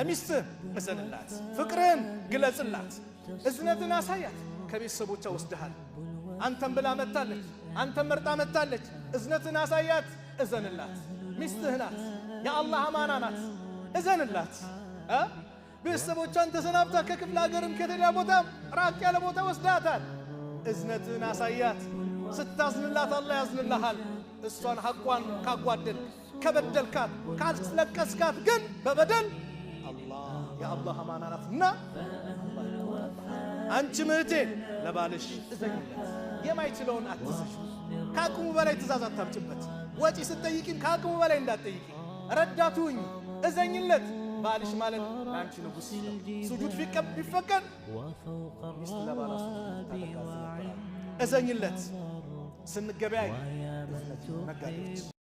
ለሚስትህ እዘንላት፣ ፍቅርህን ግለጽላት፣ እዝነትን አሳያት። ከቤተሰቦቿ ወስደሃል፣ አንተን ብላ መታለች፣ አንተን መርጣ መታለች። እዝነትን አሳያት፣ እዘንላት። ሚስትህ ናት፣ የአላህ አማና ናት፣ እዘንላት። ቤተሰቦቿን ተሰናብታ ከክፍለ ሀገርም ከተዳ ቦታ ራቅ ያለ ቦታ ወስዳታል። እዝነትን አሳያት። ስታዝንላት አላህ ያዝንልሃል። እሷን ሐቋን ካጓደል ከበደልካት፣ ካስለቀስካት ግን በበደል አላህ የአላህ አማና ናት እና አንቺ ምህቴ ለባልሽ እዘኝለት። የማይችለውን አትዘሽ። ከአቅሙ በላይ ትእዛዝ አታምጭበት። ወጪ ስትጠይቂም ከአቅሙ በላይ እንዳትጠይቂ። ረዳቱኝ፣ እዘኝለት። ባልሽ ማለት ለአንቺ ንጉሥ ነው። ሱጁድ ቢፈቀድ እዘኝለት። ስንገበያይ ነጋዴዎች